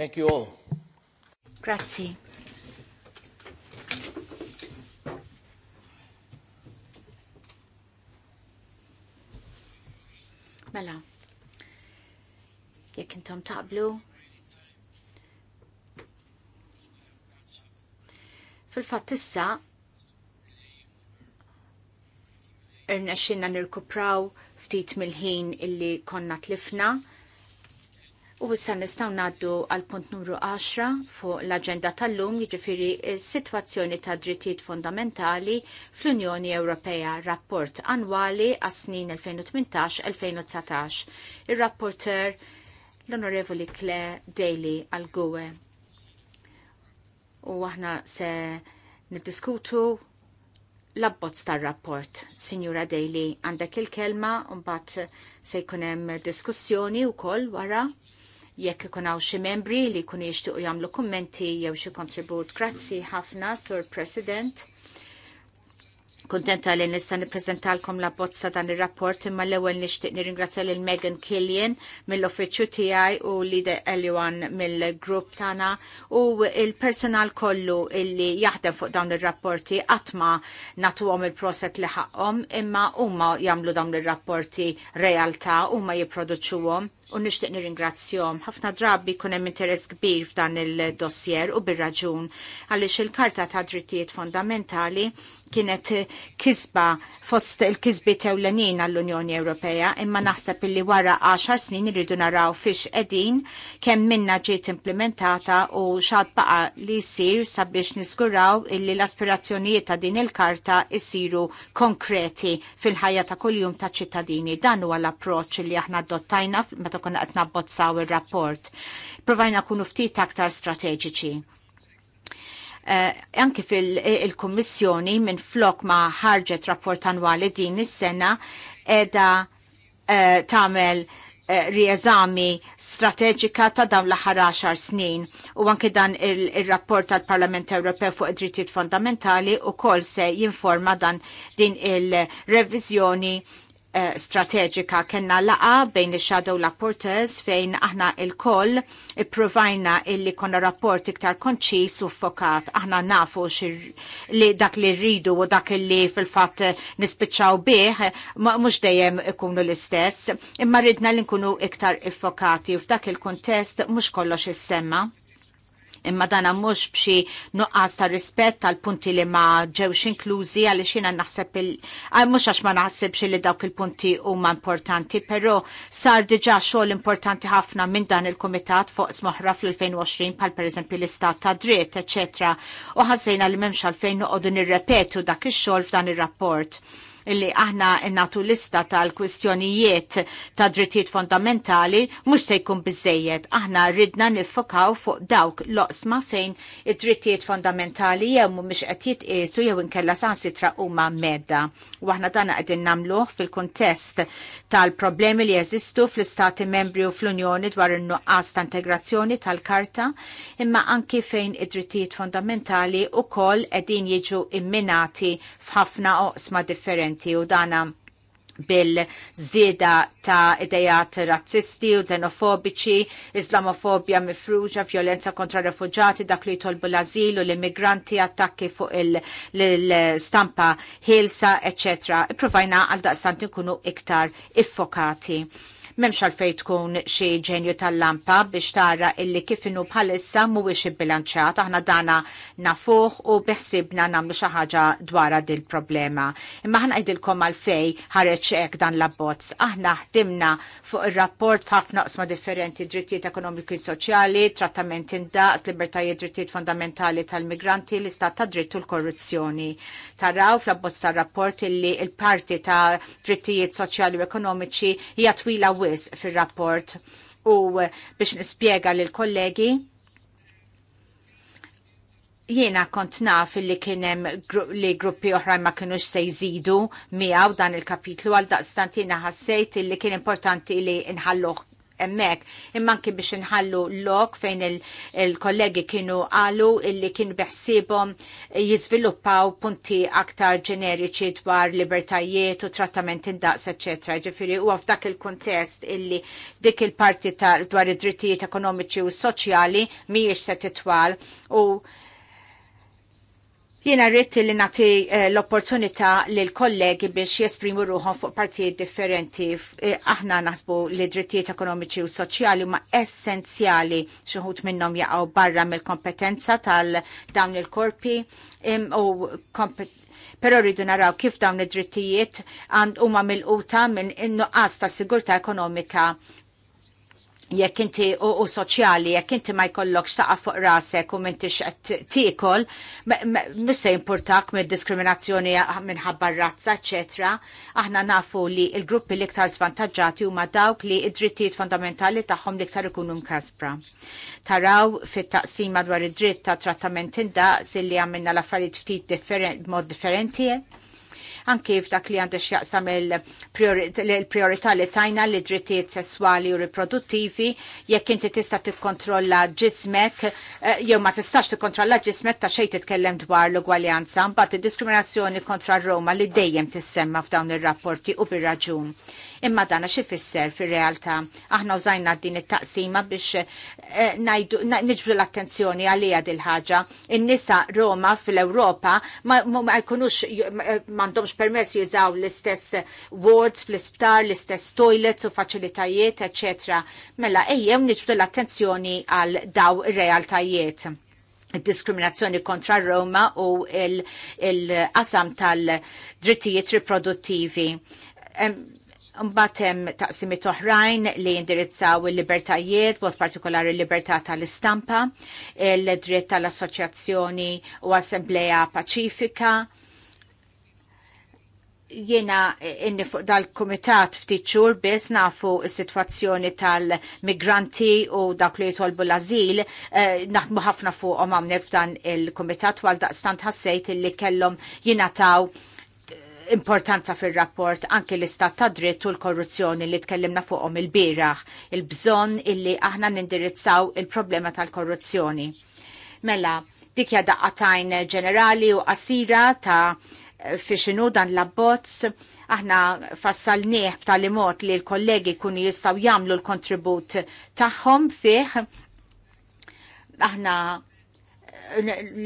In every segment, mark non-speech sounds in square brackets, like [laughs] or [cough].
Thank you all. Grazzi. Mela, jekk intom taqblu, fil-fatt issa irnexxinna nirkupraw ftit mill-ħin illi konna tlifna U issa nistgħu naddu għal punt numru 10 fuq l-aġenda tal-lum jiġifieri s-sitwazzjoni ta' drittijiet fundamentali fl-Unjoni Ewropea rapport annwali għas-snin 2018-2019. Ir-rapporter l-Onorevoli Kle Daly għal gwe U aħna se niddiskutu l-abbozz tar-rapport. Sinjura Daly, għandek il-kelma un mbagħad se jkun hemm diskussjoni wkoll wara jekk ikun hawn xi membri li jkunu jixtiequ jagħmlu kummenti jew xi kontribut. Grazzi ħafna, Sur President. Kuntenta li nista nippreżentalkom la bozza dan ir-rapport imma l-ewwel nixtieq nirringrazzja lil Megan Killian mill-uffiċċju tiegħi u Lide Eljuan mill-grupp tagħna u il-personal kollu illi jaħdem fuq dawn ir-rapporti qatt ma nagħtuhom il-proset li ħaqhom imma huma jagħmlu dawn ir-rapporti realtà huma jipproduċuhom u nixtieq nirringrazzjahom. Ħafna drabi kun hemm interess kbir f'dan il-dossier u bir-raġun għaliex il-Karta ta' Drittijiet Fondamentali kienet kisba fost il kisbi ewlenin għall-Unjoni Ewropea imma naħseb illi wara 10 snin irridu naraw fiex edin kemm minna ġiet implementata u xad baqa li jisir sabiex niskuraw illi l-aspirazzjonijiet ta' din il-karta jisiru konkreti fil-ħajja ta' kuljum ta' ċittadini. Dan huwa l-approċċ li aħna adottajna meta konna qed nabbozzaw ir-rapport. Provajna kunu ftit aktar strateġiċi Eh, anki fil-Kommissjoni eh, minn flok ma ħarġet rapport annwali din is-sena edha eh, tagħmel rieżami strateġika ta' dawn l-aħħar snin u anke dan ir-rapport tal-Parlament Ewropew fuq id-drittijiet fondamentali u kol se jinforma dan din il-reviżjoni Eh, strateġika kena laqa bejn il-Shadow Laporters fejn aħna il-koll provajna illi konna rapport iktar konċis u fokat. Aħna nafu li dak li rridu u dak li fil-fat nispiċċaw bih mux dejjem ikunu l-istess. Imma ridna li nkunu iktar iffokati u f'dak il-kontest mux kollox is-semma imma dana mhux b'xi nuqqas ta' rispett tal-punti li ma ġewx inklużi għaliex jiena naħseb il mhux għax ma naħsibx li dawk il-punti huma importanti, però sar diġà xogħol importanti ħafna minn dan il-kumitat fuq smoħra fl-2020 bħal pereżempju l-istat ta' dritt, eċċetera. U ħażejna li m'hemmx għalfejn noqogħdu nirrepetu dak ix-xogħol f'dan ir-rapport illi aħna innatu lista tal-kwistjonijiet ta' drittijiet fondamentali mhux se jkun bizzejiet. Aħna ridna niffokaw fuq dawk loqsma fejn id-drittijiet fondamentali jew mhumiex qed jitqiesu jew inkella sansitra huma medda. aħna dan qegħdin nagħmluh fil-kuntest tal-problemi li jeżistu fl-istati membri u fl-Unjoni dwar in-nuqqas ta' integrazzjoni tal-karta, imma anki fejn id-drittijiet fondamentali u qegħdin jiġu imminati f'ħafna oqsma differenti differenti u dana bil-żieda ta' idejat razzisti u xenofobiċi, islamofobja mifruġa, violenza kontra refugjati, dak li jtolbu l-azil u l-immigranti, attakki fuq il-stampa, hilsa, eccetera. Provajna għal daqsant nkunu iktar iffokati Memx għalfej tkun xi ġenju tal-lampa biex tara illi kif inhu bħalissa mhuwiex bilanċat, aħna dana nafuh u biħsibna nagħmlu xi ħaġa dil problema. Imma aħna qegħdilkom għalfej ħareġ hekk dan l bozz Aħna ħdimna fuq ir-rapport f'ħafna qsma differenti drittijiet ekonomiki soċjali, trattament indaqs, libertajiet drittijiet fondamentali tal-migranti, l-istat ta' dritt u l-korruzzjoni. Taraw fl-abbozz tar-rapport illi il-parti ta' drittijiet soċjali u ekonomiċi hija twila Lewis fil-rapport u biex nispiega lil kollegi jiena kont naf li kienem li gruppi oħra ma kienux se jżidu miegħu dan il-kapitlu għal daqstant jiena ħassejt li kien importanti li nħalluh emmek. Immanki biex nħallu lok fejn il-kollegi kienu għalu illi kien biħsibom jizviluppaw punti aktar ġeneriċi dwar libertajiet u trattament indaqs, etc. Ġifiri, u f'dak il-kontest illi dik il-parti dwar id-drittijiet ekonomiċi u soċjali miex se titwal u Jiena rrit li nati eh, l-opportunità l kollegi biex jesprimu ruħom fuq partijiet differenti. Eh, aħna naħsbu li drittijiet ekonomiċi u soċjali ma essenzjali xuħut minnom jaqaw barra mill-kompetenza tal-dawn il-korpi u Pero rridu naraw kif dawn id-drittijiet għand huma mill-quta minn innuqqas ta' sigurta ekonomika jekk inti u soċjali, jekk inti ma jkollokx taqa fuq rasek u minti xqed tiekol, mhux se jimpurtak mid diskriminazzjoni minħabba razza, eċetera. Aħna nafu li l-gruppi l-iktar svantaġġati huma dawk li id-drittijiet fondamentali tagħhom l-iktar ikunu mkasbra. Taraw fit-taqsima dwar id-dritt ta' trattament indaqs li għamilna l-affarijiet ftit mod differenti anke f'dak li għandex jaqsam il-priorità li tajna li drittijiet sessuali u riproduttivi jekk inti tista' tikkontrolla ġismek eh, jew ma tistax tikkontrolla ġismek ta' xejn titkellem dwar l-ugwaljanza mbagħad id-diskriminazzjoni kontra r Roma li dejjem tissemma f'dawn ir-rapporti u bir-raġun. Imma dana xifisser fil-realtà. Aħna użajna din it-taqsima biex eh, l-attenzjoni għalija dil-ħaġa. In-nisa Roma fil-Ewropa ma, ma jkunux eh, m'għandhomx permess jużaw l-istess wards fl-isptar, l-istess toilets u faċilitajiet, eccetera. Mela ejjew niġbdu l-attenzjoni għal daw realtajiet diskriminazzjoni kontra Roma u il-qasam il tal drittijiet riproduttivi. Mbagħad hemm taqsimiet oħrajn li jindirizzaw il-libertajiet, bot partikolari l-libertà tal-istampa, il-dritt tal-assoċjazzjoni u assembleja paċifika, Jiena inni fuq dal-komitat ftit xhur biss nafu s-sitwazzjoni tal-migranti u dak li jitolbu l-azil, naħmu eh, naħdmu ħafna fuq omamnek f'dan il-komitat għal daqstant ħassejt illi kellhom jingħataw importanza fil-rapport anki l-istat ta' dritt u l-korruzzjoni li tkellimna fuqhom il-biraħ, il-bżonn illi aħna nindirizzaw il-problema tal-korruzzjoni. Mela, dikja daqqatajn ġenerali u qasira ta' fi dan l-abbozz, aħna fassalnieh b'tali mod li l-kollegi kunu jistaw jamlu l-kontribut tagħhom fih. Aħna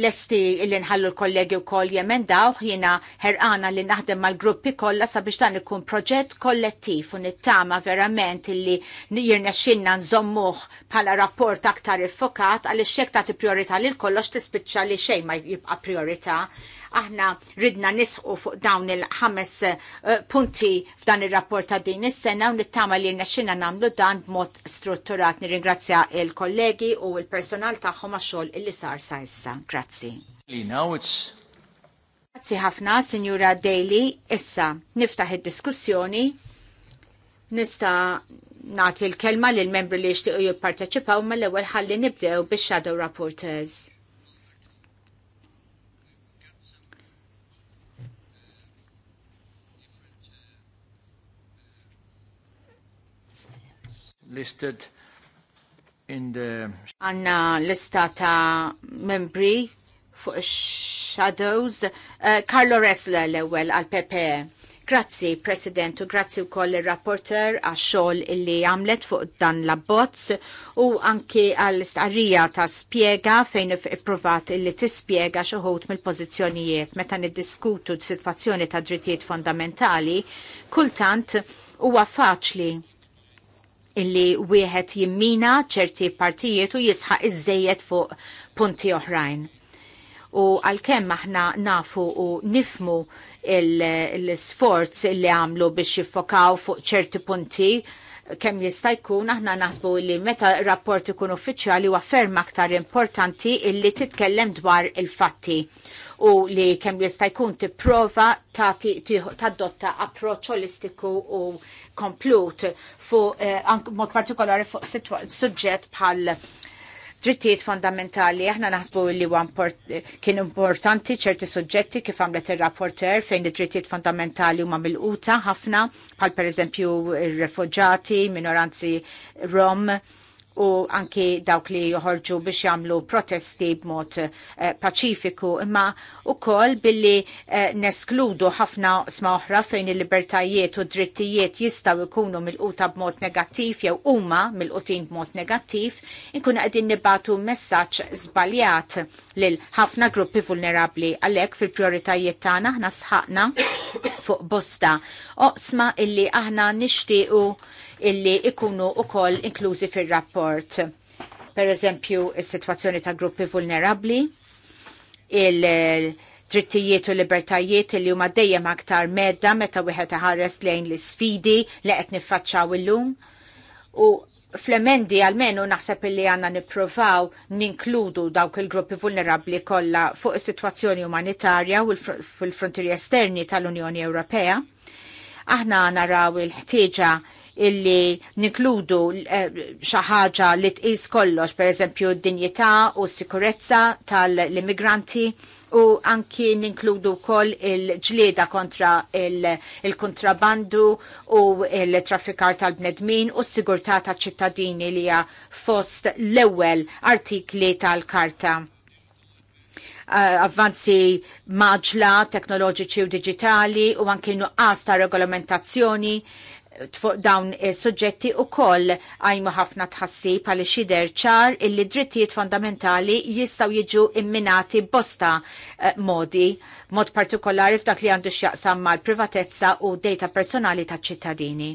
lesti illi nħallu l-kollegi u koll jemen dawħ jina herqana li naħdem mal-gruppi kollha sabiex dan ikun proġett kollettiv u nittama verament illi jirna xinna nżommuħ bħala rapport aktar iffokat għal xek ta' priorita li l-kollox tispiċċa li xej ma jibqa priorita Aħna ridna nisħu fuq dawn il-ħames eh, punti f'dan ir-rapport ta' din is-sena u nittama li rnexxina nagħmlu dan b'mod strutturat. Nirringrazzja il-kollegi u l-personal tagħhom għax-xogħol illi sar sa issa. Grazzi. Grazzi ħafna, Sinjura Daly. Issa, niftaħ id-diskussjoni. Nista' nagħti l-kelma lill membri li jixtiequ jipparteċipaw mal-ewwel ħalli nibdew bix-shadow rapporteurs. listed in the... Anna lista ta' membri fuq Shadows. Uh, Carlo Ressler l ewwel għal PPE. Grazzi, President, u grazzi u koll il-rapporter għaxxol illi għamlet fuq dan la bozz. u anki għall-istqarrija ta' spiega fejn provat illi tispiega xoħut mill-pozizjonijiet meta niddiskutu situazzjoni ta' drittijiet fondamentali, kultant huwa faċli illi wieħed jimmina ċerti partijiet u jisħaq iżejjed fuq punti oħrajn. U għalkemm aħna nafu u nifmu l-sforz li għamlu biex jiffokaw fuq ċerti punti kemm jista' jkun aħna naħsbu li meta rapport ikun uffiċjali huwa ferm aktar importanti illi titkellem dwar il-fatti u li kemm jista' jkun tipprova ta' tadotta approċċ holistiku u komplut fuq eh, mod partikolari fuq suġġett bħal drittijiet fondamentali, aħna naħsbu li import, kien importanti ċerti suġġetti kif għamlet il-rapporter fejn id-drittijiet fondamentali huma mill-quta ħafna, bħal per eżempju il-refugġati, minoranzi rom, u anki dawk li joħorġu biex jagħmlu protesti b'mod eh, paċifiku imma wkoll billi eh, neskludu ħafna sma oħra fejn il-libertajiet u drittijiet jistgħu jkunu quta b'mod negattiv jew huma mil-qutin b'mod negattiv inkun qegħdin nibatu messaġġ żbaljat lil ħafna gruppi vulnerabbli għalhekk fil-prijoritajiet tagħna aħna sħaqna fuq bosta oqsma illi aħna nixtiequ illi ikunu koll inklużi fir-rapport. Per eżempju, il sitwazzjoni ta' gruppi vulnerabbli, il- drittijiet u libertajiet li huma dejjem aktar medda meta wieħed iħares lejn l-sfidi li qed niffaċċaw illum. U fl-emendi għalmenu naħseb li għanna nippruvaw ninkludu dawk il-gruppi vulnerabli kollha fuq is-sitwazzjoni umanitarja u fil-frontieri esterni tal-Unjoni Ewropea. Aħna naraw il-ħtieġa illi nikludu eh, xi ħaġa li tqis kollox, pereżempju d-dinjità u s-sikurezza tal-immigranti u anki ninkludu wkoll il-ġlieda kontra il-kontrabandu u il-traffikar tal-bnedmin u s-sigurtà ta' ċittadini li hija fost l-ewwel artikli tal-karta eh, avvanzi maġla teknoloġiċi u digitali u anki nuqqas ta' regolamentazzjoni fuq dawn suġġetti u koll għajmu ħafna tħassib pali xider ċar illi drittijiet fondamentali jistaw jiġu imminati bosta eh, modi, mod partikolari f'dak li għandu xjaqsam mal privatezza u data personali ta' ċittadini.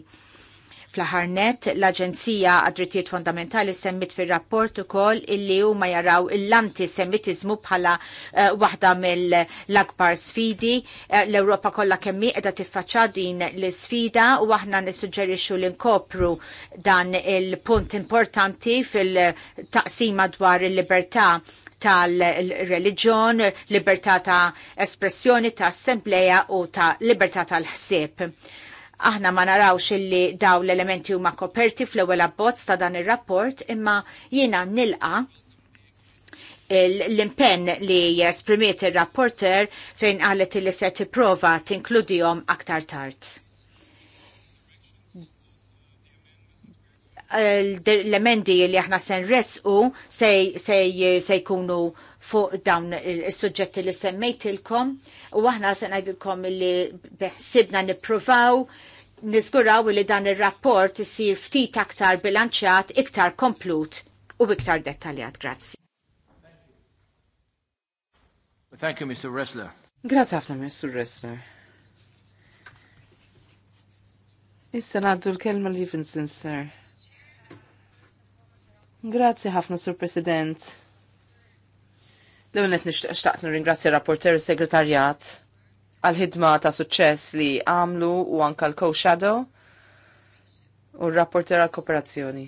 Fl-ħarnet, l-Aġenzija għad-Drittijiet Fundamentali semmit fil-rapport ukoll illi huma jaraw l-antisemitizmu bħala uh, waħda mill-akbar sfidi. Uh, L-Ewropa kollha kemmi edha tiffaċa din l-sfida u aħna nissuġġerixxu li nkopru dan il-punt importanti fil-taqsima dwar il-libertà tal-reliġjon, libertà ta' espressjoni, ta' assembleja u ta' libertà tal-ħsieb. Aħna ma narawx illi daw l-elementi huma koperti fl-ewwel abbozz ta' dan ir-rapport imma jiena nilqa' l-impenn li esprimiet ir rapporter fejn qalet li se tipprova tinkludihom aktar tard. L-emendi li aħna sen resqu se jkunu fuq dawn il-sujġetti li semmejtilkom u aħna se ngħidilkom li beħsibna nippruvaw niżguraw li dan ir-rapport isir ftit aktar bilanċjat, iktar komplut u iktar dettaljat. Grazzi. Thank you, Mr. Ressler. Grazie ħafna, Mr. Ressler. Issa naddu l-kelma Livingston, sir. Grazie ħafna, Sur President. L-għunet nishtaqt nir-ingrazzja rapporter il segretarjat għal-ħidma ta' suċċess li għamlu u anka l-co-shadow u r-rapporter għal-kooperazzjoni.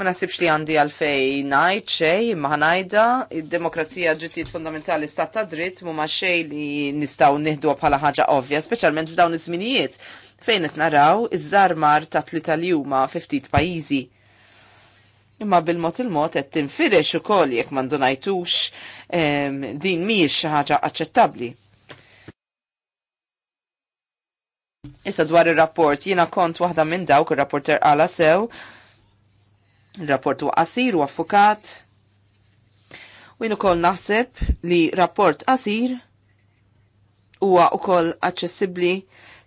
Ma nasibx li għandi fej najt xej, imma ħanajda, id-demokrazija ġittijiet fundamentali stat ta' dritt mu ma xej li nistaw nihdu bħala ħaġa ovvja, specialment f'dawn iż-żminijiet fejn qed naraw iż-żarmar ta' tlita li huma fi ftit pajjiżi imma bil-mod il-mod qed tinfirex ukoll jekk mandunajtux din mhijiex xi ħaġa aċċettabbli. Issa dwar ir-rapport jiena kont waħda minn dawk ir-rapporter qala sew. Ir-rapport huwa qasir u affukat. U jien ukoll naħseb li rapport qasir huwa ukoll aċċessibbli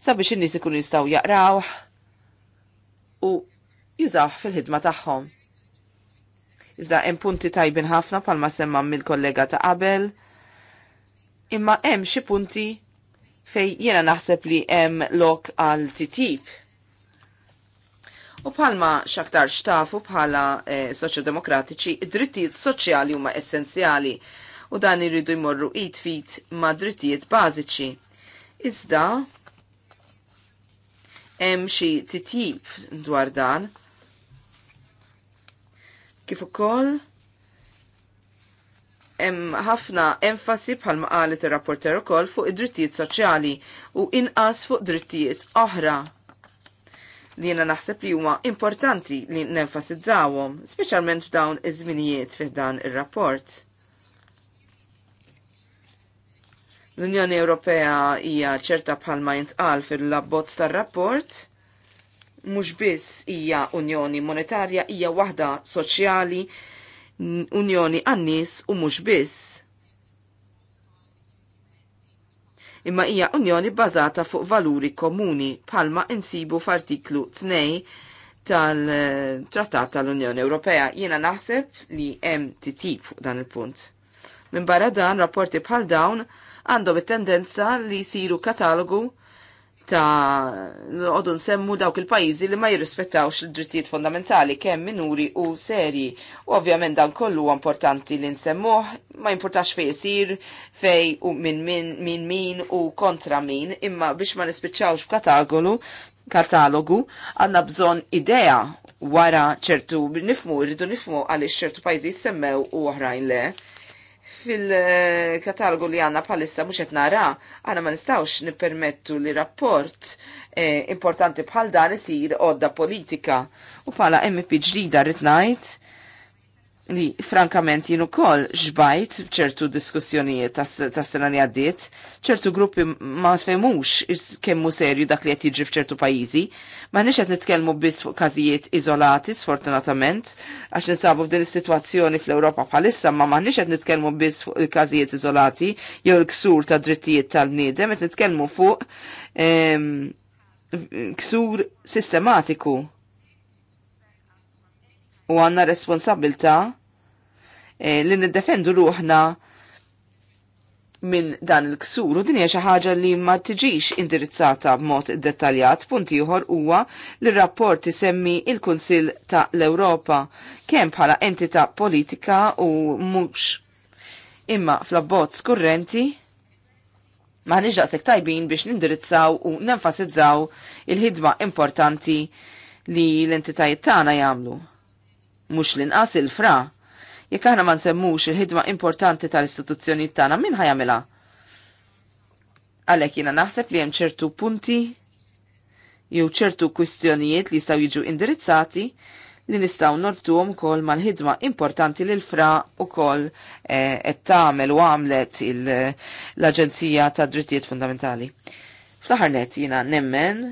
sabiex in-nies ikunu jistgħu jaqraw, u jużah fil-ħidma tagħhom. Iżda hemm punti tajbin ħafna palma semma mill-kollega ta' qabel. Imma hemm xi punti fej jiena naħseb li hemm lok għal titjib. U palma xaktar xtafu bħala e, soċjodemokratiċi, id-drittijiet soċjali huma essenzjali u dan irridu jmorru it-fit ma' drittijiet bażiċi. Iżda, hemm xi titjib dwar dan Kif ukoll hemm ħafna enfasi bħalma qalet ir-rapporter ukoll fuq id-drittijiet soċjali u inqas fuq drittijiet oħra li jena naħseb li huma importanti li nenfasizzawhom, speċjalment f'dawn iż-żminijiet fih dan ir-rapport. L-Unjoni Ewropea hija ċerta bħalma jintqal fil-labbozz tar-rapport mhux biss hija Unjoni Monetarja, hija waħda soċjali, Unjoni għan-nies u mhux biss. Imma hija Unjoni bbażata fuq valuri komuni bħalma insibu f'artiklu 2 tal-Trattat tal-Unjoni Ewropea. Jiena naħseb li hemm titjib fuq dan il-punt. Minn barra dan rapporti bħal dawn għandhom it-tendenza li jsiru katalogu ta' nqodu nsemmu dawk il-pajjiżi li ma jirrispettawx il-drittijiet fondamentali kemm minuri u serji. U ovvjament dan kollu importanti li nsemmuh, ma importax fej isir, fej u min min, min min u kontra min, imma biex ma nispiċċawx f'katagolu katalogu għanna bżon idea wara ċertu nifmu, rridu nifmu għalix ċertu pajizi semmew u oħrajn le fil-katalgu li għanna palissa mux qed nara, għanna ma nistawx nippermettu li rapport eh, importanti bħal dan isir odda politika. U pala MP ġdida rritnajt li frankament jienu kol xbajt ċertu diskussjonijiet tas sena li għaddiet, ċertu gruppi ma sfemux kemmu serju dak li qed jiġri f'ċertu pajjiżi, ma nix qed nitkellmu biss kazijiet każijiet iżolati sfortunatament, għax ninsabu f'din is-sitwazzjoni fl-Ewropa bħalissa, ma ma nix qed nitkellmu biss kazijiet izolati, każijiet iżolati jew l-ksur ta' drittijiet tal-bniedem, qed nitkellmu fuq ksur sistematiku u għanna responsabilta e, li niddefendu ruħna minn dan il-ksur u din hija xi ħaġa li ma tiġix indirizzata b'mod dettaljat. Punt ieħor huwa li r-rapport isemmi il-Kunsill ta' l-Ewropa kemm bħala entità politika u mhux. Imma fl-abbozz kurrenti ma nixdaqsek tajbin biex nindirizzaw u nenfasizzaw il-ħidma importanti li l-entitajiet tagħna jagħmlu mhux l-inqas il-fra. Jekk aħna ma nsemmux il-ħidma importanti tal-istituzzjoni tagħna min ħajamela. Għalhekk jiena naħseb li hemm ċertu punti jew ċertu kwistjonijiet li jistgħu jiġu indirizzati li nistgħu norbtuhom kol mal-ħidma importanti lil fra u kol eh, qed tagħmel u għamlet l-Aġenzija ta' Drittijiet Fundamentali. Fl-aħħar net jiena nemmen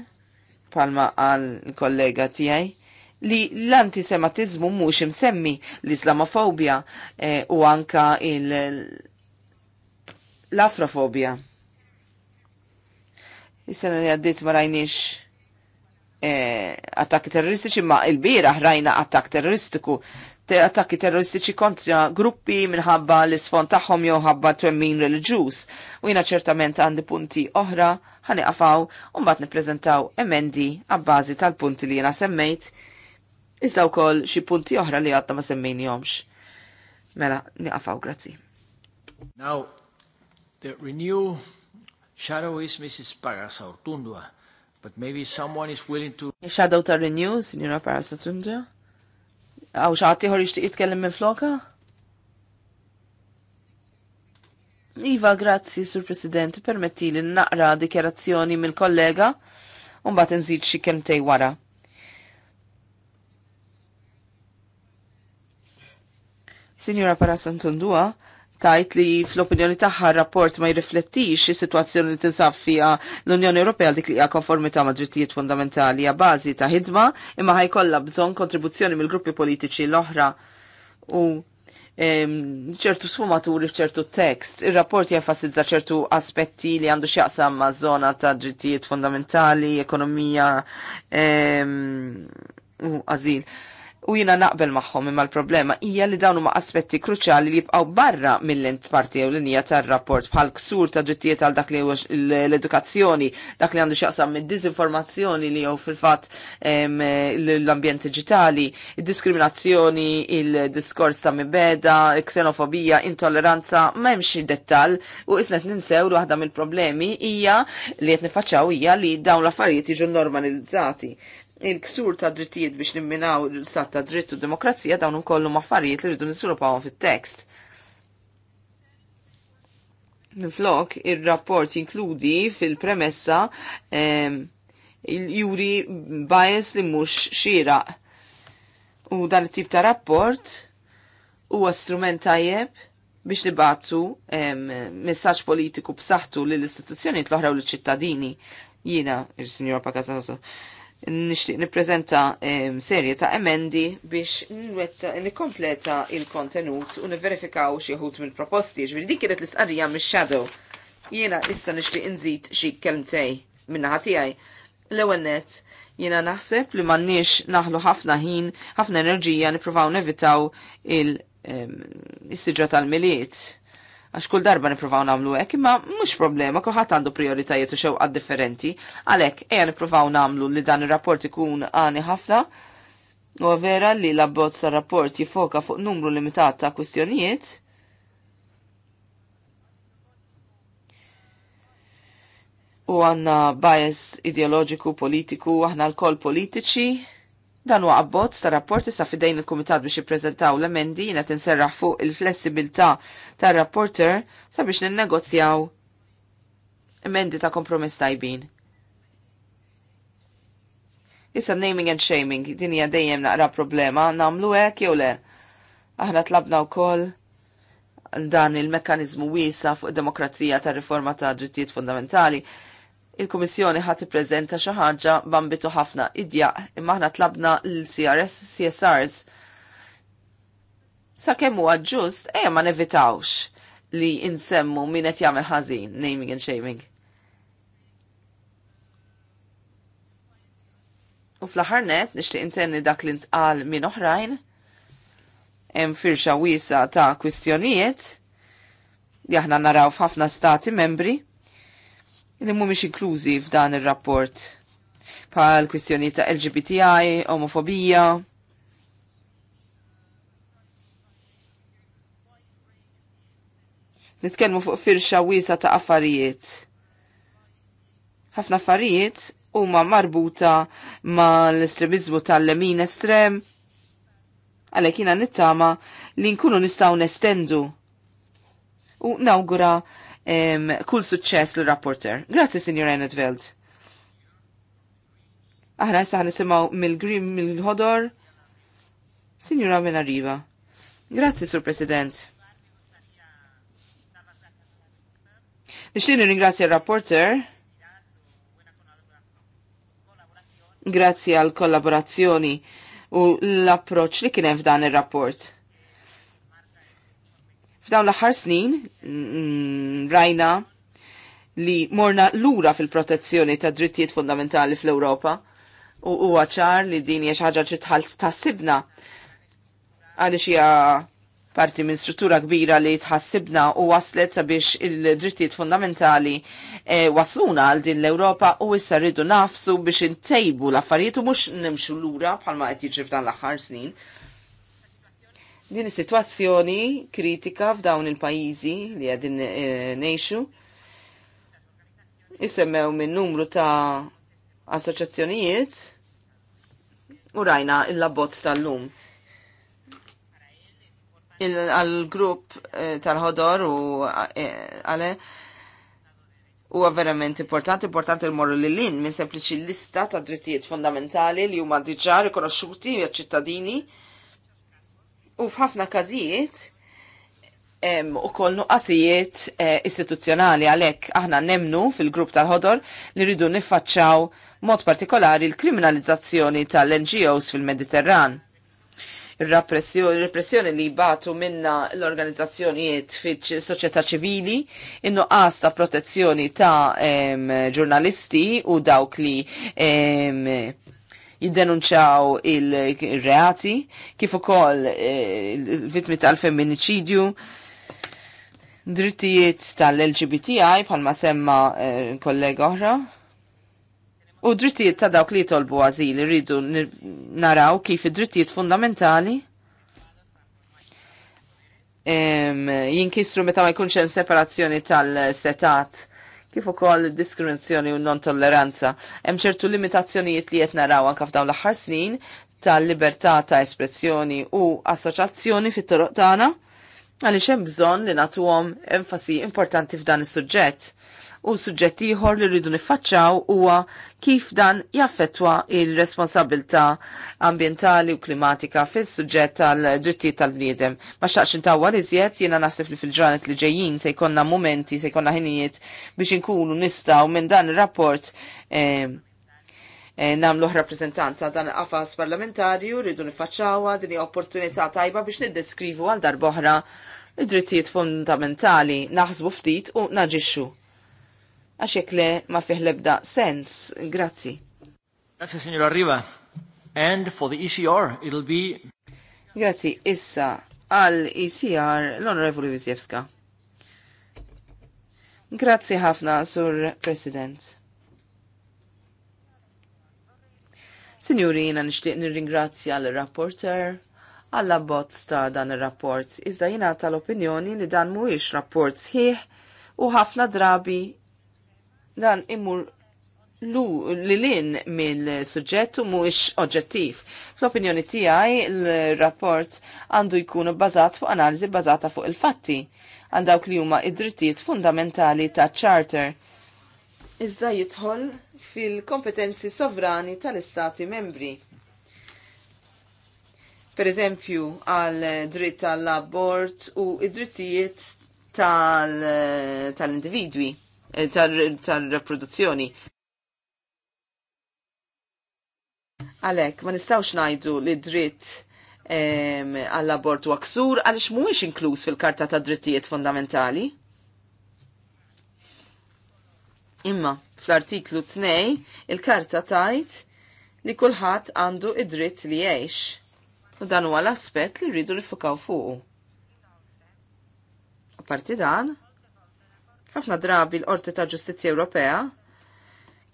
palma għal kollega tiegħi li l-antisematizmu mhux imsemmi l-islamofobja e, eh, u anka l-afrofobja. Is-sena li għaddit ma rajniex e, attakki terroristiċi ma il-bira rajna attak terroristiku te attakki terroristiċi kontra gruppi minħabba l-isfond tagħhom jew ħabba twemmin reliġjuż u jiena ċertament għandi punti oħra ħaniqafaw u mbagħad nippreżentaw emendi għabbażi tal-punti li jiena semmejt Iżda wkoll xi punti oħra li għadda ma jomx. Mela, niqafaw, grazzi. Now, the renew shadow is Mrs. Parasautundua, but maybe someone is willing to... Shadow ta' renew, signora Parasautundua? Tundua? Għaw xaħti ħor ixtiq jitkellem minn floka? Iva, grazzi, Sur President, permetti li naqra dikjerazzjoni mill-kollega, un bat nżid xi kemtej wara. Sinjora Tundua, tajt li fl-opinjoni tagħha rapport ma jirriflettix is-sitwazzjoni li tinsab fiha l-Unjoni Ewropea dik li hija konformità ma' drittijiet fundamentali hija bażi ta' ħidma imma ħajkollha bżonn kontribuzzjoni mill-gruppi politiċi l-oħra u ċertu sfumaturi f'ċertu tekst. Ir-rapport jenfasizza ċertu aspetti li għandu x'jaqsam ma' zona ta' drittijiet fundamentali, ekonomija u um, għażil. Uh, u jina naqbel maħħom imma l-problema hija li dawnu ma' aspetti kruċali li jibqaw barra mill-int parti u l tar-rapport bħal ksur ta' drittijiet għal dak li l-edukazzjoni, dak li għandu xaqsam mid dizinformazzjoni li jew fil-fat l-ambjent digitali, diskriminazzjoni, il-diskors ta' mibeda, ksenofobija, intolleranza, ma' dettall dettal u isnet ninsew li waħda mill-problemi hija li qed nifaċċaw hija li dawn l-affarijiet jiġu normalizzati il-ksur ta' drittijiet biex nimminaw l-sat ta' dritt u demokrazija dawn kollu affarijiet li rridu nisilupawhom fit-tekst. Flok, il-rapport jinkludi fil-premessa ehm, il-juri bias li mux xira. U dan it-tip ta' rapport huwa strument tajjeb biex bazzu ehm, messaġġ politiku b'saħħtu lill istituzzjonijiet l-oħra u l-ċittadini. Jiena, il-Sinjor Pakasaso, nixtieq nippreżenta ehm, serje ta' emendi biex nwetta' nikompleta il-kontenut u nivverifikaw xi wħud mill-proposti. Ġifieri dik kienet l-istqarrija mix-shadow. Jiena issa nixtieq inżid xi kelmtej minnaħa tiegħi. L-ewwel nett jiena naħseb li m'għandniex naħlu ħafna ħin, ħafna enerġija nippruvaw nevitaw il um, tal-miliet għax kull darba niprofaw namlu hekk, imma mhux problema, kuħat għandu prioritajiet u xewqa differenti. Għalhekk ejja niprofaw namlu li dan ir-rapport ikun għani ħafna. U vera li l-abbozz rapport jifoka fuq numru limitat ta' kwistjonijiet, u għanna bias ideologiku, politiku, aħna l kol politiċi, Dan huwa abbozz ta' rapport sa' fidejn il-Kumitat biex jippreżentaw l-emendi jiena tinserraħ fuq il-flessibilità tar-rapporter sabiex ninnegozjaw emendi ta' kompromiss tajbin. Issa naming and shaming, din hija dejjem naqra problema, namlu hekk jew le. Aħna tlabna wkoll dan il-mekkaniżmu wiesa fuq id-demokrazija tar-riforma ta' drittijiet fundamentali il-Kummissjoni ħat ippreżenta xi ħaġa bambitu ħafna idjaq imma aħna tlabna l-CRS CSRs. Sakemm huwa ġust, ejja ma nevitawx li insemmu min qed jagħmel ħażin naming and shaming. U fl-aħħar net nixtieq intenni dak li ntqal minn oħrajn hemm firxa wiesa ta' kwistjonijiet li aħna naraw f'ħafna stati membri li mhumiex inklużi f'dan ir-rapport bħal kwistjoni ta' LGBTI, omofobija. Nitkellmu fuq firxa wiesa ta' affarijiet. Ħafna affarijiet huma marbuta mal-estremizmu tal-lemin estrem, għalhekk jiena nittama li nkunu nistgħu nestendu u nawgura kull suċċess l rapporter Grazzi, Signor Enetveld. Aħna issa nisimaw mill-Grim mill-ħodor. Signora Menariva. Grazzi, Sur President. Nishtini ringrazzja l rapporter Grazzi għal kollaborazzjoni u l-approċ li kien f'dan ir-rapport. F'dawn l-aħħar snin mm, rajna li morna lura fil-protezzjoni ta' drittijiet fundamentali fl-Ewropa u huwa ċar li din hija xi ħaġa ġiet tħassibna għaliex hija parti minn struttura kbira li tħassibna u waslet sabiex il-drittijiet fundamentali e, wasluna għal din l ewropa u issa rridu nafsu biex intejbu l-affarijiet u mhux nimxu lura bħalma qed jiġri f'dan l-aħħar snin. Din is-sitwazzjoni kritika f'dawn il-pajjiżi li qegħdin eh, ngħixu isemmew minn numru ta' assoċjazzjonijiet u rajna l labbozz tal-lum. Għal-grupp eh, tal-ħodor u eh, għale huwa verament importanti, importanti l-morru li lin minn sempliċi lista ta' drittijiet fundamentali li huma diġà rikonoxxuti għal ċittadini u f'ħafna każijiet u ukoll nuqqasijiet eh, istituzzjonali għalhekk aħna nemnu fil-grupp tal-ħodor li rridu nifacċaw mod partikolari l-kriminalizzazzjoni tal-NGOs fil-Mediterran. Il-repressjoni li batu minna l-organizzazzjonijiet fiċ soċjetà ċivili, in-nuqqas ta' protezzjoni ta' ġurnalisti u dawk li jiddenunċaw il-reati, kif ukoll eh, il-vitmi tal femminicidju drittijiet tal-LGBTI bħalma semma eh, kollega oħra. U drittijiet ta' dawk li jitolbu għazil rridu naraw kif id-drittijiet fundamentali jinkisru meta ma jkunx hemm separazzjoni tal-setat kif ukoll diskriminazzjoni u non-tolleranza. Hemm ċertu limitazzjonijiet li qed naraw anke f'dawn l-aħħar snin tal-libertà ta' espressjoni u assoċjazzjoni fit-toroq tagħna għaliex hemm bżonn li nagħtuhom enfasi importanti f'dan is-suġġett u suġġett ieħor li rridu niffaċċaw huwa kif dan jaffettwa il-responsabilità ambientali u klimatika fis-suġġett tal-drittijiet tal-bniedem. Ma xaqx intawwa li żjed jiena naħseb li fil-ġranet li ġejjin se jkollna momenti, se jkollna ħinijiet biex inkunu nistgħu minn dan ir-rapport eh, eh namlu rappresentanta dan qafas parlamentarju rridu nifaċċawa din opportunità tajba biex niddeskrivu għal darboħra id-drittijiet fundamentali naħsbu ftit u naġixxu għaxek le ma lebda sens. Grazzi. Grazzi, signora Riva. And for the ECR, it'll be... Grazzi, issa, għal ECR, l-Onorevoli Wisjewska. Grazzi ħafna, Sur President. Signori, jina nishtiq nir-ringrazzja għal rapporter għalla bot ta' dan il-rapport, iżda jina tal-opinjoni li dan mhuwiex rapport sħiħ u ħafna drabi dan immur lu li lin mill-suġġett u mhuwiex oġġettiv. Fl-opinjoni tiegħi l-rapport għandu jkun bbażat fuq analiżi bbażata fuq il-fatti għal dawk li huma id-drittijiet fundamentali ta' charter. Iżda jidħol fil-kompetenzi sovrani tal-istati membri. Per eżempju, għal dritt tal-abort u id-drittijiet tal-individwi. Tal Eh, tal-reproduzzjoni. Għalek, ma nistawx najdu li dritt għall abortu u għaksur għalix mhuwiex inkluż fil-Karta ta' Drittijiet Fundamentali. Imma fl-artiklu 2 il-Karta tajt li kulħadd għandu id-dritt li jiex. U dan huwa l-aspett li rridu nifukaw fuqu. Apparti dan, Ħafna drabi l-Qorti ta' Ġustizzja Ewropea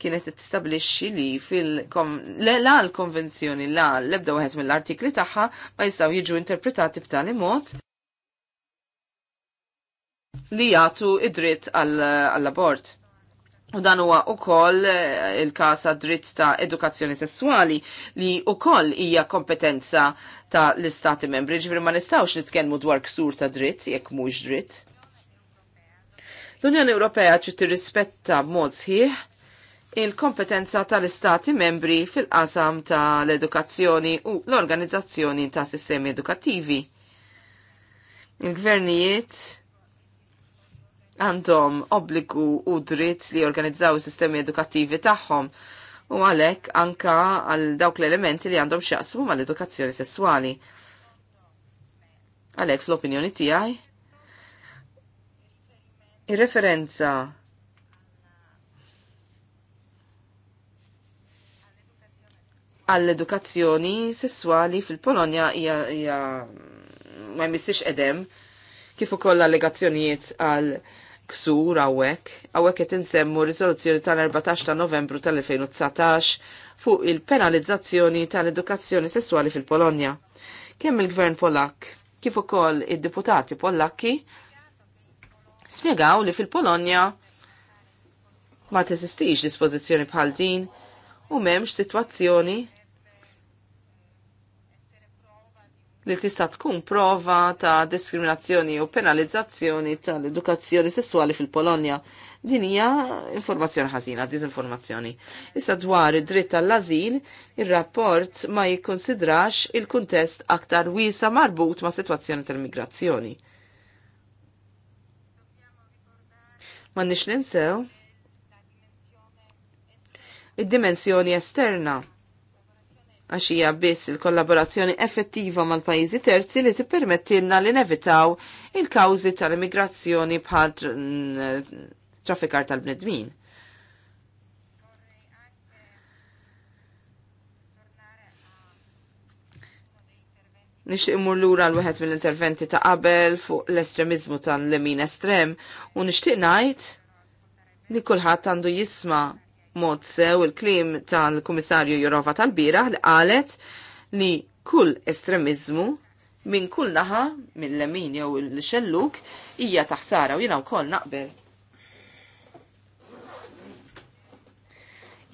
kienet tistabilixxi li fil-konvenzjoni la l-ebda waħed mill-artikli tagħha ma jistgħu jiġu interpretati b'tali mod li jagħtu id-dritt għall-abort. U dan huwa ukoll eh, il-każ dritt ta' edukazzjoni sessuali li ukoll hija kompetenza ta' l-istati membri, ġifri ma nistgħux nitkellmu dwar ksur ta' dritt jekk mhux dritt. L-Unjoni Ewropea ċi tirrispetta mod sħiħ il-kompetenza tal-istati membri fil-qasam tal-edukazzjoni u l-organizzazzjoni ta' sistemi edukattivi. Il-gvernijiet għandhom obbligu u dritt li organizzaw sistemi edukattivi tagħhom u għalek anka għal dawk l-elementi li għandhom xaqsmu mal edukazzjoni sessuali. Għalek fl-opinjoni tijaj, Ir-referenza għall-edukazzjoni sessuali fil-Polonja hija ma jmissix edem kif ukoll allegazzjonijiet għal ksur għawek, għawek qed insemmu riżoluzzjoni tal-14 ta' Novembru tal-2019 fuq il-penalizzazzjoni tal-edukazzjoni sessuali fil-Polonja. Kemm il-Gvern Polak, kif ukoll id-deputati Polakki spjegaw li fil-Polonja ma tesistix dispożizzjoni bħal din u memx situazzjoni li tista' tkun prova ta' diskriminazzjoni u penalizzazzjoni tal-edukazzjoni sessuali fil-Polonja. Din hija informazzjoni ħażina, diżinformazzjoni. Issa dwar id-dritt tal-azil, ir-rapport ma jikkonsidrax il-kuntest aktar wiesa marbut ma' situazzjoni tal-migrazzjoni. Ma nix ninsew id-dimensjoni esterna għax hija biss il-kollaborazzjoni effettiva mal-pajjiżi terzi li tippermettilna li nevitaw il-kawżi tal-immigrazzjoni bħal traffikar tal-bnedmin. Nixtieq immur lura l wieħed mill-interventi ta' qabel fuq l-estremizmu l lemin estrem u nixtieq ngħid li kulħadd għandu jisma mod sew il-klim tal-Kummissarju Jorova tal-Biraħ li qalet li kull estremizmu minn kull naħa minn lemin jew l-xelluk hija taħsara u jiena wkoll naqbel.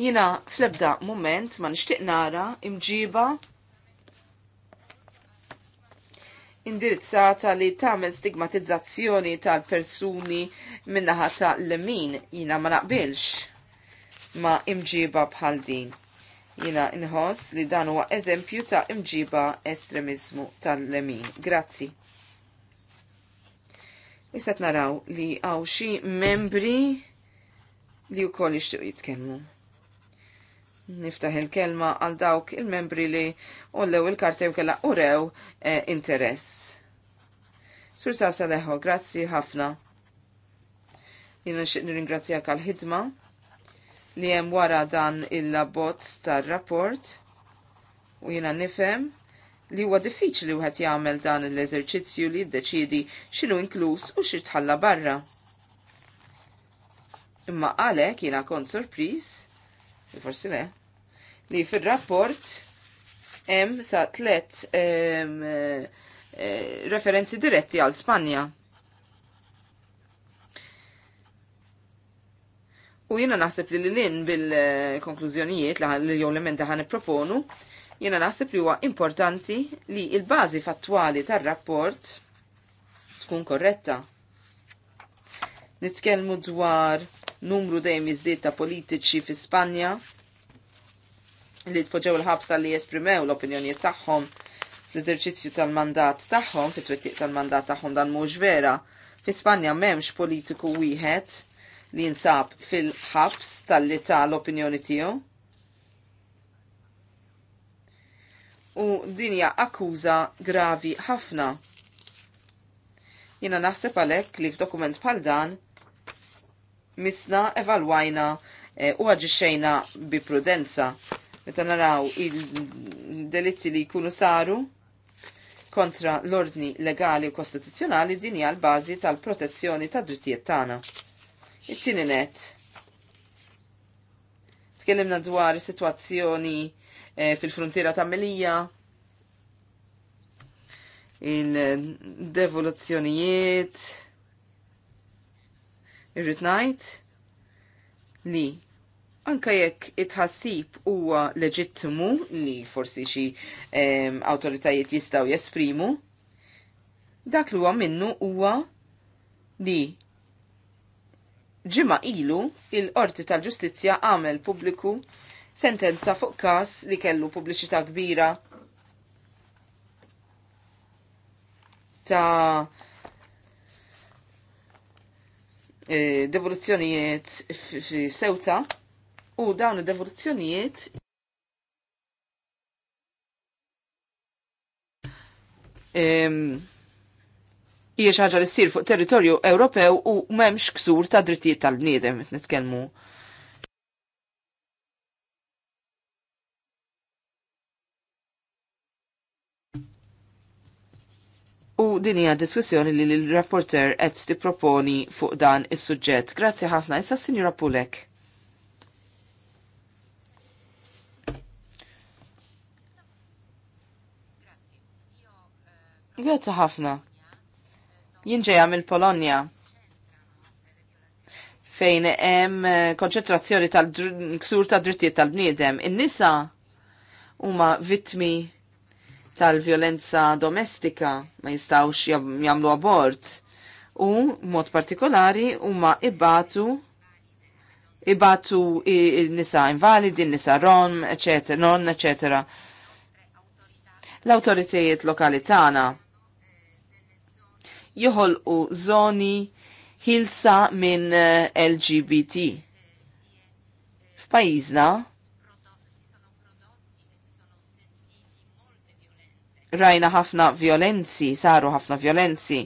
Jiena fl-ebda moment ma nixtieq nara imġiba indirizzata li tagħmel stigmatizzazzjoni tal-persuni minnaħa ta' l-min jina ma naqbilx ma imġiba bħal din. Jina inħoss li dan huwa eżempju ta' imġiba estremizmu tal-lemin. Grazzi. Issa naraw li għaw xi membri li wkoll jixtiequ jitkellmu. Niftaħ il-kelma għal dawk il-membri li ullew il-kartew kella urew eh, interess. Sur sa Leħo, grazzi ħafna. Jina nir nirringrazzja kal ħidma li jem wara dan il labot tar-rapport u jina nifem li huwa diffiċli wieħed jagħmel dan l-eżerċizzju li jiddeċiedi x'inhu inkluż u xi tħalla barra. Imma għalhekk jiena kont surpriz forsi le, li fil-rapport hemm sa tlet eh, referenzi diretti għal Spanja. U jina naħseb li l bil-konklużjonijiet li jew l-emenda ħan proponu, jina naħseb li huwa importanti li il-bażi fattwali tar-rapport tkun korretta. Nitkellmu dwar numru dejjem iżdied ta' politiċi fi Spanja li tpoġġew il-ħabsa li jesprimew l-opinjonijiet tagħhom fl-eżerċizzju tal-mandat tagħhom, fit-twettiq tal-mandat tagħhom dan mhux vera. Fi Spanja m'hemmx politiku wieħed li jinsab fil-ħabs tal-li l opinjoni tiegħu. U dinja akkuża gravi ħafna. Jiena naħseb għalhekk li f'dokument bħal dan misna evalwajna eh, u għagġiċejna bi prudenza. Meta naraw il-delitti li jkunu saru kontra l-ordni legali u kostituzzjonali dini għal bazi tal-protezzjoni ta' drittijiet tagħna. It-tieni net. Tkellimna dwar is-sitwazzjoni eh, fil-frontiera ta' Melija, il-devoluzzjonijiet, Irrid ngħid li anka jekk itħassib huwa leġittimu li forsi xi awtoritajiet jistgħu jesprimu, dak li huwa minnu huwa li ġimma ilu il-Qorti tal-Ġustizzja għamel pubbliku sentenza fuq każ li kellu pubbliċità kbira ta' E, devoluzzjonijiet fi sewta u dawn id-devoluzzjonijiet hija xi ħaġa li ssir fuq territorju Ewropew u m'hemmx ksur ta' drittijiet tal-bniedem qed nitkellmu U din hija diskussjoni li l-rapporter qed tipproponi fuq dan is-suġġett. Grazzi ħafna issa Sinjura Pulek. Grazzi ħafna. Jien ġejja mill-Polonja fejn hemm eh, konċentrazzjoni tal-ksur ta' drittijiet tal-bniedem. In-nisa huma vittmi tal-violenza domestika ma jistawx jamlu abort u mod partikolari huma ibatu ibatu nisa invalidi, nisa rom, etc. non, etc. L-autoritajiet lokali tagħna joħolqu zoni hilsa minn eh, LGBT. F'pajjiżna rajna ħafna violenzi, saru ħafna violenzi.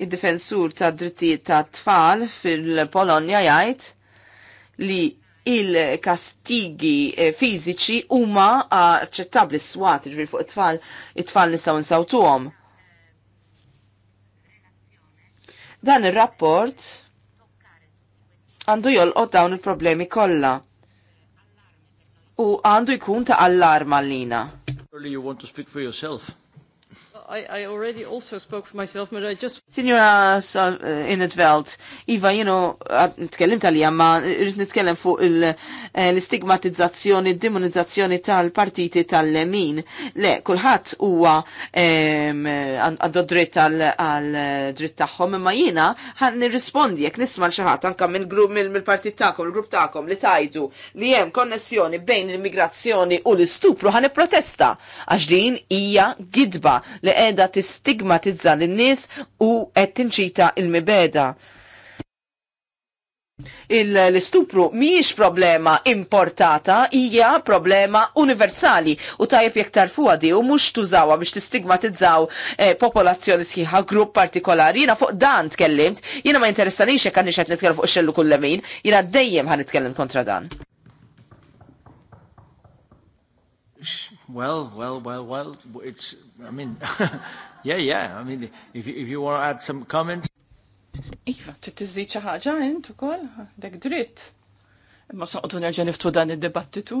Id-difensur ta' drittijiet ta' tfal fil-Polonja jgħid li il-kastigi eh, fiżiċi huma aċċettabbli swat ġifir fuq it-tfal, it-tfal nistgħu nsawtuhom. Dan ir-rapport għandu jolqod dawn il-problemi kollha u għandu jkun ta' allarma lina you want to speak for yourself. I, I already also spoke for myself, but I just... Signora eh, Inetveld, Iva, jenu, tkellim tal ma rrit nitkellem fuq eh, l-istigmatizzazzjoni, demonizzazzjoni tal-partiti tal-lemin. Le, kullħat huwa għandu dritt għal-dritt eh, tagħhom, imma jiena għan nirrispondi jek nisma' xi ħadd anke mill-grupp mill-partit tagħkom, il-grupp tagħkom li tajdu li hemm konnessjoni bejn l-immigrazzjoni u l-istupru ħan protesta għax din hija gidba li qiegħda tistigmatizza lin-nies u qed tinċita il-mibeda. L-istupru mhijiex problema importata, hija problema universali u tajjeb jekk tarfu għadi u mhux tużawa biex tistigmatizzaw eh, popolazzjoni sħiħa grupp partikolari. Jiena fuq dan tkellimt, jiena ma xe kanni xe qed netkellu fuq xellu kull lemin, jiena dejjem ħanitkellem kontra dan. Well, well, well, well, it's, I mean, [laughs] yeah, yeah, I mean, if you, if you want to add some comments. Iva, t-tizzi ċaħġa jent u koll, dek dritt. Ma saqtu nerġa niftu dan il-debattitu.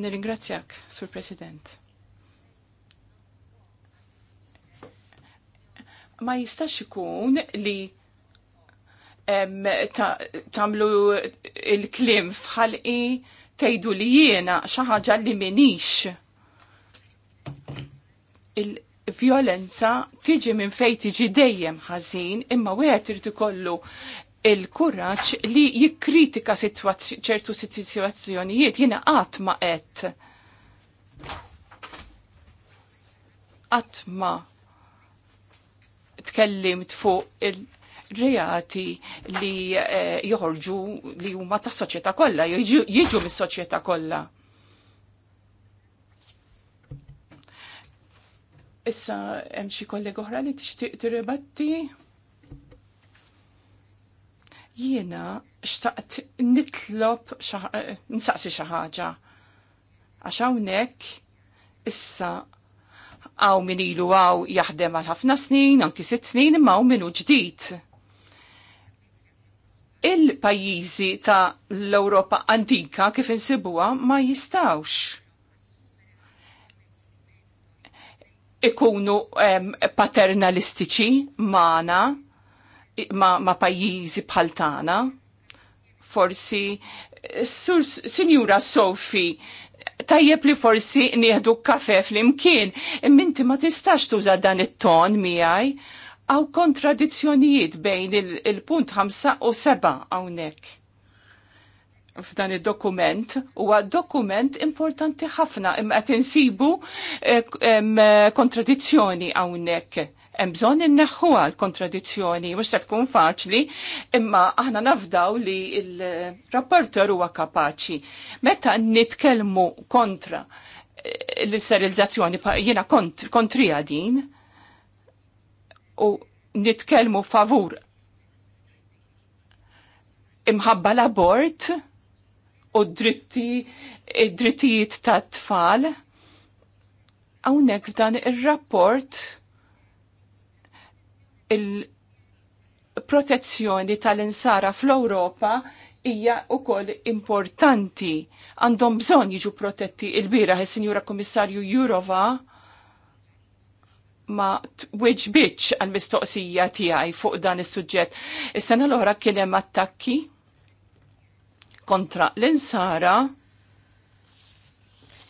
Nirringrazzjak, Sur President. Ma jistax ikun li tamlu il-klim fħalqi tejdu li jiena xaħġa li minix. Il-violenza tiġi minn fej tiġi dejjem ħażin imma wieħed irid ikollu il-kuraġġ li jikkritika ċertu sitwazzjonijiet jiena qatt ma qed. Qatt ma tkellimt fuq il- reati li eh, joħorġu li huma tas soċjetà kollha, jiġu mis-soċjetà kollha. Issa hemm xi kollega oħra li tixtieq tirribatti? Jiena xtaqt nitlob eh, nsaqsi xi ħaġa. Għax hawnhekk issa għaw min ilu għaw jaħdem għal ħafna snin, anki sitt snin, imma għaw minu ġdijt il-pajjiżi ta' l-Ewropa antika kif insibuha ma jistawx. ikunu um, paternalistiċi maħna, ma, ma pajizi bħaltana. Forsi, sinjura Sofi, tajjeb li forsi nieħdu kafe fl-imkien, imminti ma tistax tuża dan it-ton miegħi għaw kontradizzjonijiet bejn il-punt il 5 u 7 għawnek f'dan id-dokument huwa dokument importanti ħafna imma qed insibu eh, kontradizzjoni hawnhekk. Hemm bżonn inneħħu l-kontradizzjoni mhux se tkun faċli, imma aħna nafdaw li l-rapporter huwa kapaċi. Meta nitkellmu kontra eh, l-serializzazzjoni jiena kontrija din, u nitkelmu favur imħabba l-abort u dritti, drittijiet ta' tfal. Hawnhekk f'dan ir-rapport il protezzjoni tal-insara fl-Ewropa hija wkoll importanti. Għandhom bżonn jiġu protetti il-bira, il-Sinjura Kummissarju Jurova ma biċ għal mistoqsija tiegħi fuq dan is-suġġett. Is-sena l-oħra kien hemm attakki kontra l-insara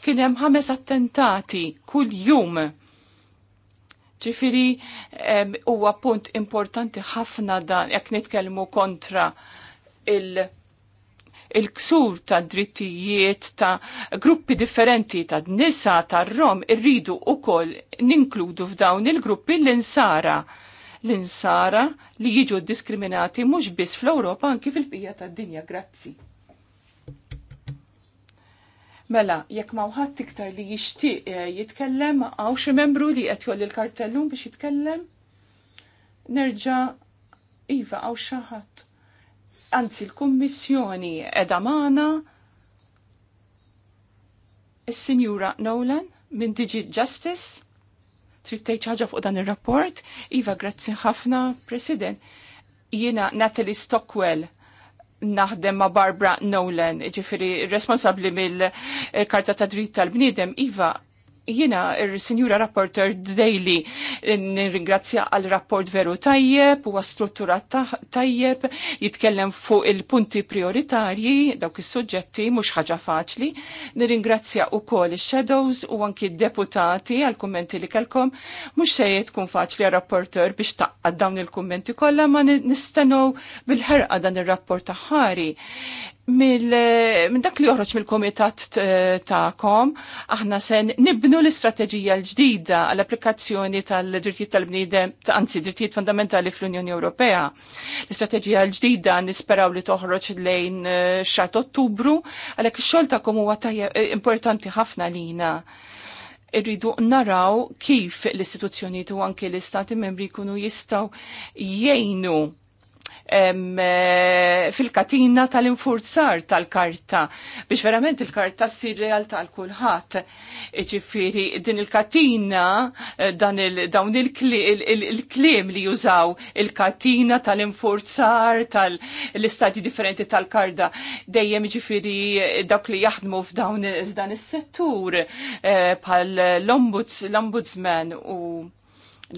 kien hemm ħames attentati kull jum. Ġifiri huwa punt importanti ħafna dan jekk nitkellmu kontra il- il-ksur ta' drittijiet ta' gruppi differenti ta' nisa ta' rom irridu u koll ninkludu f'dawn il-gruppi l-insara. L-insara li jiġu diskriminati mux biss fl-Europa anki fil-bija ta' dinja. Grazzi. Mela, jekk ma wħadd iktar li jixtieq eh, jitkellem, għaw xi membru li qed jolli l-kartellum biex jitkellem, nerġa' iva għaw xi ħadd anzi l-Kummissjoni edha magħna sinjura Nolan minn Digi Justice trid tgħid fuq dan ir-rapport. Iva, grazzi ħafna, President. Jiena Natalie Stockwell naħdem ma' Barbara Nolan, ġifiri responsabli mill-Karta ta' Dritt tal-Bniedem, Iva, Jina, il-Sinjura Rapporter Daily, nirringrazzja għal rapport veru tajjeb, u struttura tajjeb, jitkellem fuq il-punti prioritarji, dawk is-suġġetti mhux ħaġa faċli. Nirringrazzja koll il shadows u anki deputati għal kummenti li kelkom, mhux se tkun faċli għal rapporter biex taqqad dawn il-kummenti kollha ma nistenu bil-ħerqa dan ir-rapport taħħari minn dak li joħroġ mill-komitat kom, aħna sen nibnu l-istrateġija l-ġdida għall-applikazzjoni tal-drittijiet tal-bniedem, ta' anzi drittijiet fundamentali fl-Unjoni Ewropea. L-istrateġija l-ġdida nisperaw li toħroġ lejn eh, xat Ottubru, għalhekk xol xogħol kom huwa eh, importanti ħafna lina irridu naraw kif l-istituzzjoni u anke l-istati membri jkunu jistaw jgħinu Eh, fil-katina tal-infurzar tal-karta biex verament il-karta ssir realtà għal kulħadd. Ġifieri din il-katina eh, dan il dawn il-kliem li jużaw il-katina tal-infurzar tal-istati differenti tal-karda dejjem ġifieri eh, dawk li jaħdmu f'dawn dan is-settur pal-lombudsman ombudsman u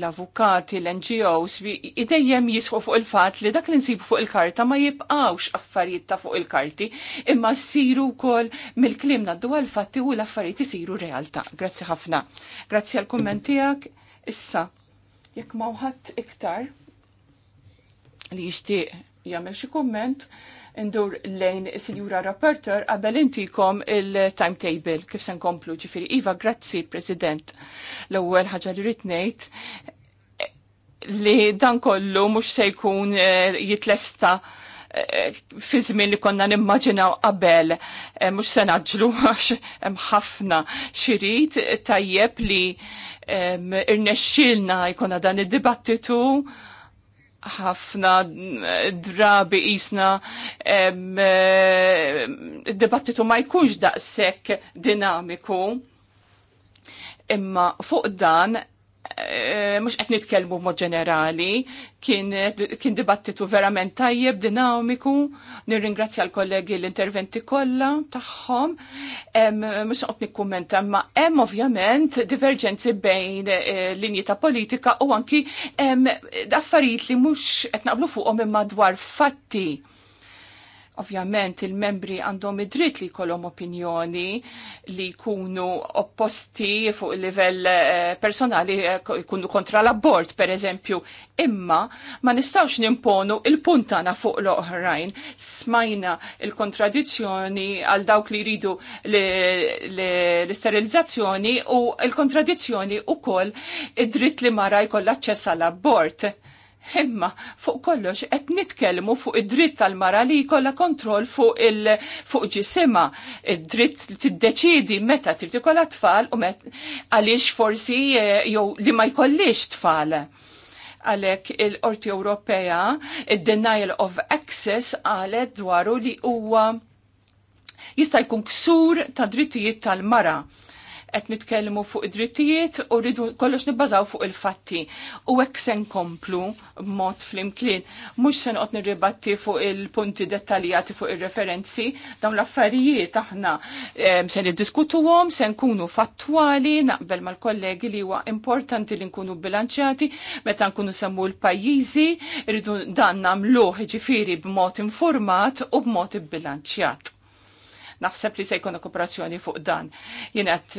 l-avukati, l-NGOs, idejjem jisħu fuq il-fat li dak li nsibu fuq il-karta ma jibqawx affarijiet ta' fuq il-karti, imma siru kol mill-klim naddu għal-fatti u l-affarijiet isiru realtà. Grazzi ħafna. Grazzi għal-kommentijak. Issa, jekk mawħat iktar li jishtiq jagħmel xi komment, ndur lejn Sinjura Rapporter qabel intikom il-timetable kif se nkomplu ġifieri. Iva, grazzi President. L-ewwel ħaġa li rrid ngħid li dan kollu mhux se jkun eh, jitlesta eh, fi żmien li konna nimmaġinaw qabel eh, mhux se naġlu [laughs] għax hemm ħafna xirid tajjeb li irnexxilna jkollna dan id-dibattitu ħafna eh, drabi jisna eh, dibattitu debattitu ma jkunx daqshekk dinamiku. Imma fuq dan Eh, mux qed nitkellmu mod ġenerali, kien dibattitu verament tajjeb, dinamiku, nirringrazzja l-kollegi l-interventi kollha tagħhom, mhux qed nikkummenta, ma hemm ovvjament divergenzi bejn eh, linji ta' politika u anki affarijiet li mhux qed naqblu fuqhom imma dwar fatti Ovvjament il-membri għandhom id-dritt li kolom opinjoni li jkunu opposti fuq livell eh, personali eh, jkunu kontra l-abbord, per eżempju. Imma ma nistawx nimponu il-puntana fuq l-oħrajn. Smajna il-kontradizzjoni għal dawk li jridu l-isterilizzazzjoni u il-kontradizzjoni u koll id-dritt li mara jkoll aċċess għal abbord Imma fuq kollox qed nitkellmu fuq id-dritt tal-mara li jkollha kontroll fuq il fuq ġisima, id-dritt tiddeċidi meta trid ikollha tfal u met għaliex forsi eh, jew li ma jkollix tfal. Għalhekk il-Qorti Ewropea id-denial of access qalet dwaru li huwa jista' jkun ksur ta' drittijiet tal-mara qed nitkellmu fuq id-drittijiet u rridu kollox nibbażaw fuq il-fatti. U hekk se nkomplu b'mod flimkien. Mhux se noqgħod nirribatti fuq il-punti dettaljati fuq ir-referenzi, dawn l-affarijiet aħna se niddiskutuhom, se nkunu fattwali, naqbel mal-kollegi li huwa importanti li nkunu bilanċjati meta nkunu semmu l-pajjiżi, rridu dan nagħmluh ġifieri b'mod informat u b'mod ibbilanċjat. Naħseb li se jkun kooperazzjoni fuq dan. Jien qed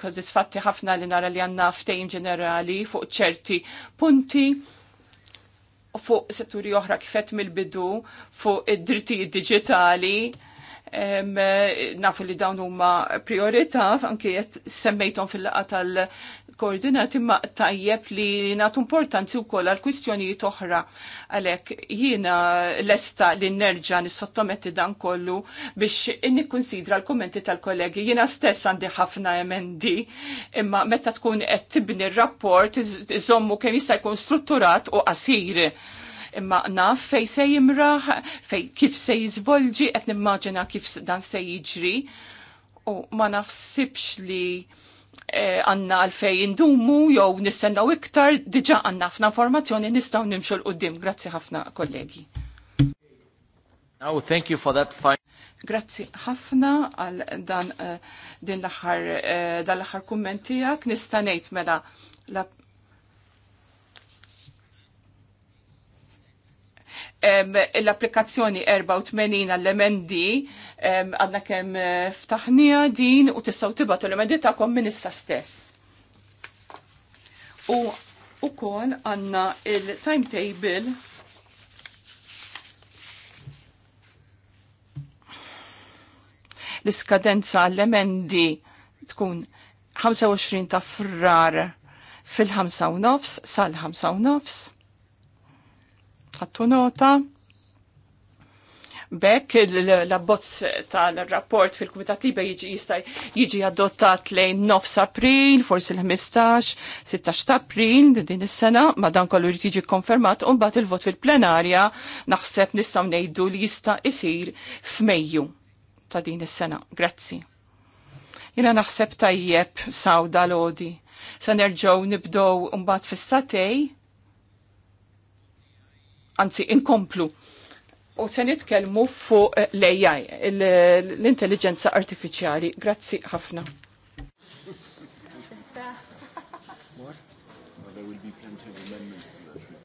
kożisfatti eh, ħafna li nara li għandna ftejn ġenerali fuq ċerti punti fuq setturi oħra kifet mill-bidu fuq id-drittijiet Digitali, eh, nafu li dawn huma priorità anke qed semmejthom fil-laqa koordinati ma tajjeb li nagħtu importanti wkoll għal kwistjonijiet oħra għalhekk jiena lesta li nerġa' nis-sottometti dan kollu biex nikkunsidra l-kummenti tal-kollegi. Jiena stess għandi ħafna emendi imma meta tkun qed tibni r-rapport iżommu kemm jista' jkun strutturat u qasir imma naf fej se jimraħ, fej kif se jizvolġi, qed nimmaġina kif dan se jiġri. U ma naħsibx li Eh, għanna għalfej indumu jew nistennaw iktar, diġa għanna ħafna informazzjoni nistaw nimxu l-qoddim. Grazzi ħafna kollegi. Now, thank you for that fine. Grazzi ħafna għal dan eh, din l-aħħar eh, dan l-aħħar kummentijak nistanejt mela l-applikazzjoni 84 għall-emendi għadna kem eh, ftaħnija din u tistaw tibat l-emendi ta' minn issa stess. U u kol għanna il-timetable l-iskadenza l-emendi tkun 25 ta' frar fil-5 nofs sal-5 nofs ħattu nota. Bekk l-abbozz tal-rapport fil-Kumitat Libe jiġi jista' jiġi adottat lejn 9 April, forsi l-15, 16 ta' April din is-sena, ma dan kollu jrid jiġi konfermat u mbagħad il-vot fil-plenarja naħseb nistgħu ngħidu li jista' isir f'Mejju ta' din is-sena. Grazzi. Jiena naħseb tajjeb sawda lodi. Se nerġgħu nibdew mbagħad fis-satej anzi inkomplu. U se nitkellmu fuq l-AI, l-intelligenza artificiali. Grazzi ħafna.